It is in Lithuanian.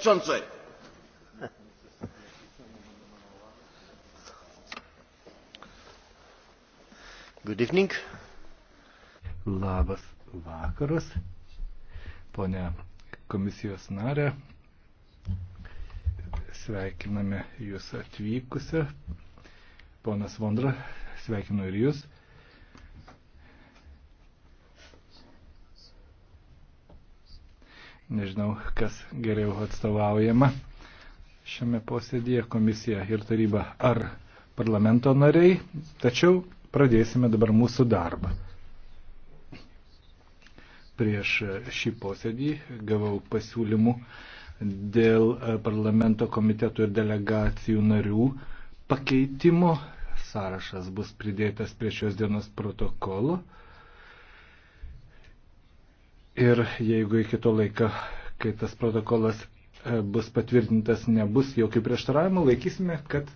przewodniczący! Good evening. Labas vakaras, ponia komisijos narė. Sveikiname jūs atvykusią. Ponas Vondra, sveikinu ir jūs. Nežinau, kas geriau atstovaujama šiame posėdėje komisija ir taryba ar parlamento nariai, tačiau pradėsime dabar mūsų darbą. Prieš šį posėdį gavau pasiūlymų dėl parlamento komitetų ir delegacijų narių pakeitimo. Sąrašas bus pridėtas prie šios dienos protokolo ir jeigu iki to laiko, kai tas protokolas e, bus patvirtintas, nebus jokių prieštaravimų, laikysime, kad